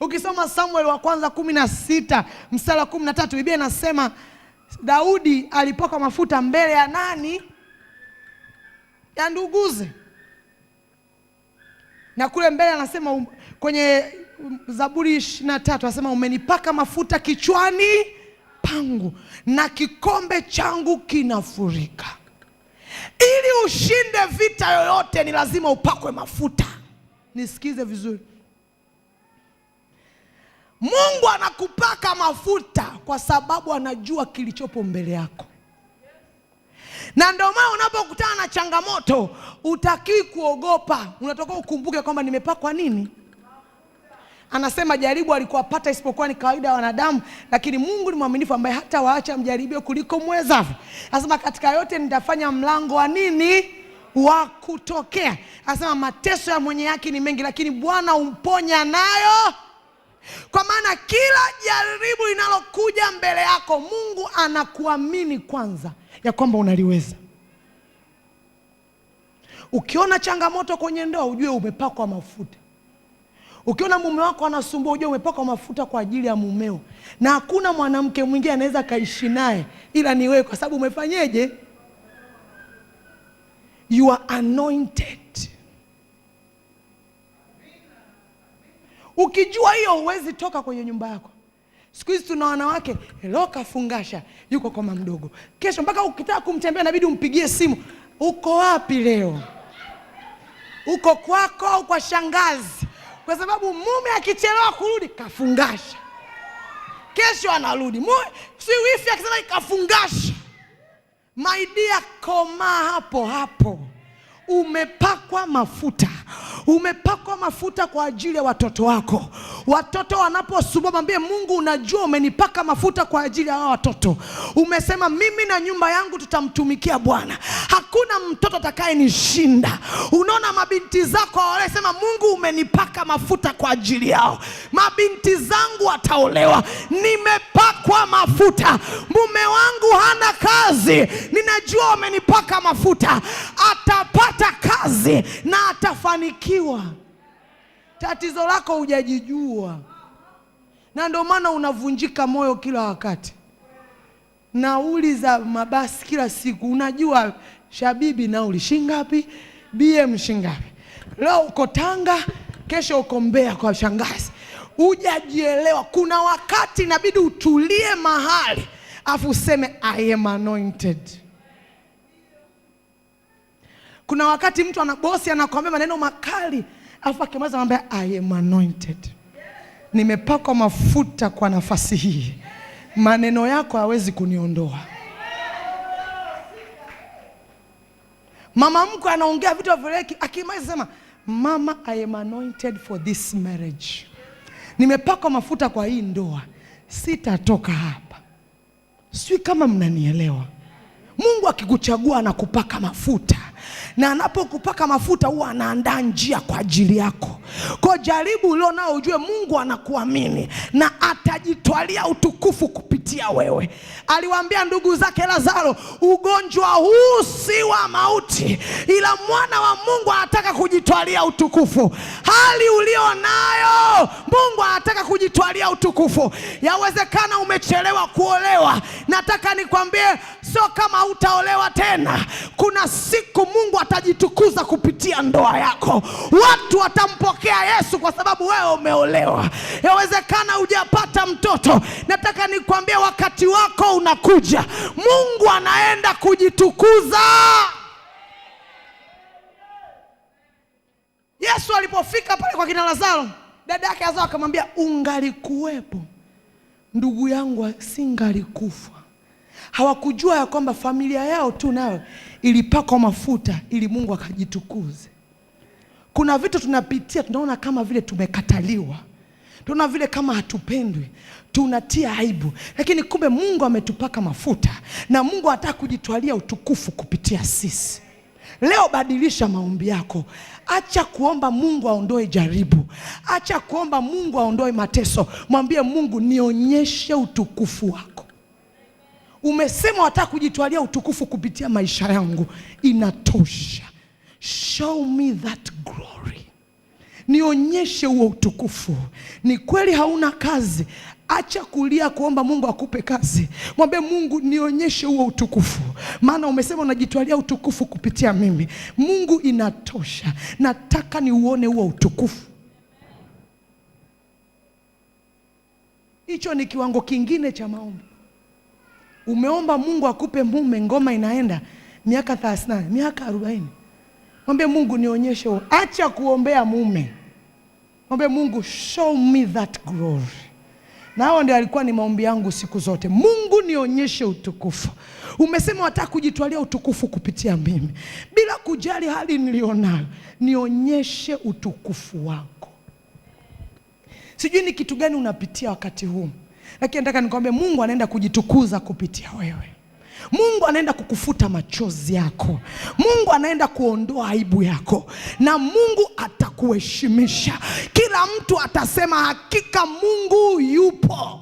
Ukisoma Samuel wa kwanza kumi na sita mstari wa kumi na tatu Biblia inasema Daudi alipakwa mafuta mbele ya nani? Ya nduguze. Na kule mbele anasema um, kwenye Zaburi ishirini na tatu anasema umenipaka mafuta kichwani pangu na kikombe changu kinafurika. Ili ushinde vita yoyote ni lazima upakwe mafuta. Nisikize vizuri. Mungu anakupaka mafuta kwa sababu anajua kilichopo mbele yako, na ndio maana unapokutana na changamoto utakii kuogopa. Unatoka ukumbuke kwamba nimepakwa nini. Anasema jaribu alikuwapata isipokuwa ni kawaida ya wanadamu, lakini Mungu ni mwaminifu ambaye hata waacha mjaribio kuliko mwezavu Anasema katika yote nitafanya mlango wa nini wa kutokea. Anasema mateso ya mwenye yake ni mengi, lakini Bwana umponya nayo kwa maana kila jaribu linalokuja mbele yako, Mungu anakuamini kwanza ya kwamba unaliweza. Ukiona changamoto kwenye ndoa, ujue umepakwa mafuta. Ukiona mume wako anasumbua, ujue umepakwa mafuta kwa ajili ya mumeo, na hakuna mwanamke mwingine anaweza kaishi naye ila ni wewe, kwa sababu umefanyeje? You are anointed. Ukijua hiyo huwezi toka kwenye nyumba yako. Siku hizi tuna wanawake loka fungasha yuko koma mdogo, kesho mpaka ukitaka kumtembea inabidi umpigie simu, uko wapi leo? Uko kwako au kwa shangazi? Kwa sababu mume akichelewa kurudi kafungasha, kesho anarudi mume, si wifi akisema kafungasha. My dear, komaa hapo hapo umepakwa mafuta umepakwa mafuta kwa ajili ya watoto wako. Watoto wanaposumbua, mwambie Mungu, unajua umenipaka mafuta kwa ajili ya hawa watoto. Umesema mimi na nyumba yangu tutamtumikia Bwana, hakuna mtoto atakayenishinda. Unaona mabinti zako walisema, Mungu umenipaka mafuta kwa ajili yao, mabinti zangu wataolewa, nimepakwa mafuta. Mume wangu hana kazi, ninajua umenipaka mafuta, atapata atapata kazi na atafanikiwa. Tatizo lako hujajijua, na ndio maana unavunjika moyo kila wakati. Nauli za mabasi kila siku, unajua shabibi, nauli shingapi? BM shingapi? Leo uko Tanga, kesho uko Mbeya kwa shangazi. Hujajielewa. Kuna wakati inabidi utulie mahali afu useme I am anointed. Kuna wakati mtu anabosi anakuambia maneno makali, alafu akimaliza anambia I am anointed, nimepakwa mafuta kwa nafasi hii, maneno yako hawezi kuniondoa. Mama mkwe anaongea vitu vileki, akimaliza sema mama, I am anointed for this marriage, nimepakwa mafuta kwa hii ndoa, sitatoka hapa. Sijui kama mnanielewa. Mungu akikuchagua anakupaka mafuta, na anapokupaka mafuta huwa anaandaa njia kwa ajili yako. Kwa jaribu ulio nao ujue Mungu anakuamini na atajitwalia utukufu kupitia wewe. Aliwaambia ndugu zake Lazaro, ugonjwa huu si wa mauti, ila mwana wa Mungu anataka kujitwalia utukufu. Hali ulio nayo Mungu anataka kujitwalia utukufu. Yawezekana umechelewa kuolewa, nataka nikwambie, sio kama utaolewa tena. Kuna siku Mungu atajitukuza kupitia ndoa yako, watu watampokea kumpokea Yesu kwa sababu wewe umeolewa. Yawezekana hujapata mtoto. Nataka nikwambie wakati wako unakuja. Mungu anaenda kujitukuza. Yesu alipofika pale kwa kina Lazaro, dada yake Lazaro akamwambia, ungalikuwepo ndugu yangu singalikufa. Hawakujua ya kwamba familia yao tu nayo ilipakwa mafuta ili Mungu akajitukuze. Kuna vitu tunapitia, tunaona kama vile tumekataliwa, tunaona vile kama hatupendwi, tunatia aibu, lakini kumbe Mungu ametupaka mafuta na Mungu anataka kujitwalia utukufu kupitia sisi. Leo badilisha maombi yako. Acha kuomba Mungu aondoe jaribu, acha kuomba Mungu aondoe mateso. Mwambie Mungu, nionyeshe utukufu wako. Umesema wataka kujitwalia utukufu kupitia maisha yangu, inatosha show me that glory, nionyeshe huo utukufu. Ni kweli hauna kazi? Acha kulia kuomba Mungu akupe kazi, mwambie Mungu nionyeshe huo utukufu, maana umesema unajitwalia utukufu kupitia mimi. Mungu inatosha, nataka niuone huo utukufu. Hicho ni kiwango kingine cha maombi. Umeomba Mungu akupe mume, ngoma inaenda miaka 30 miaka arobaini Mwambie Mungu nionyeshe, acha kuombea mume, mwambie Mungu show me that glory. Na hao ndio alikuwa ni maombi yangu siku zote, Mungu nionyeshe utukufu. Umesema wataka kujitwalia utukufu kupitia mimi, bila kujali hali nilionayo, nionyeshe utukufu wako. Sijui ni kitu gani unapitia wakati huu, lakini nataka nikwambie Mungu anaenda kujitukuza kupitia wewe. Mungu anaenda kukufuta machozi yako. Mungu anaenda kuondoa aibu yako, na Mungu atakuheshimisha. Kila mtu atasema hakika Mungu yupo.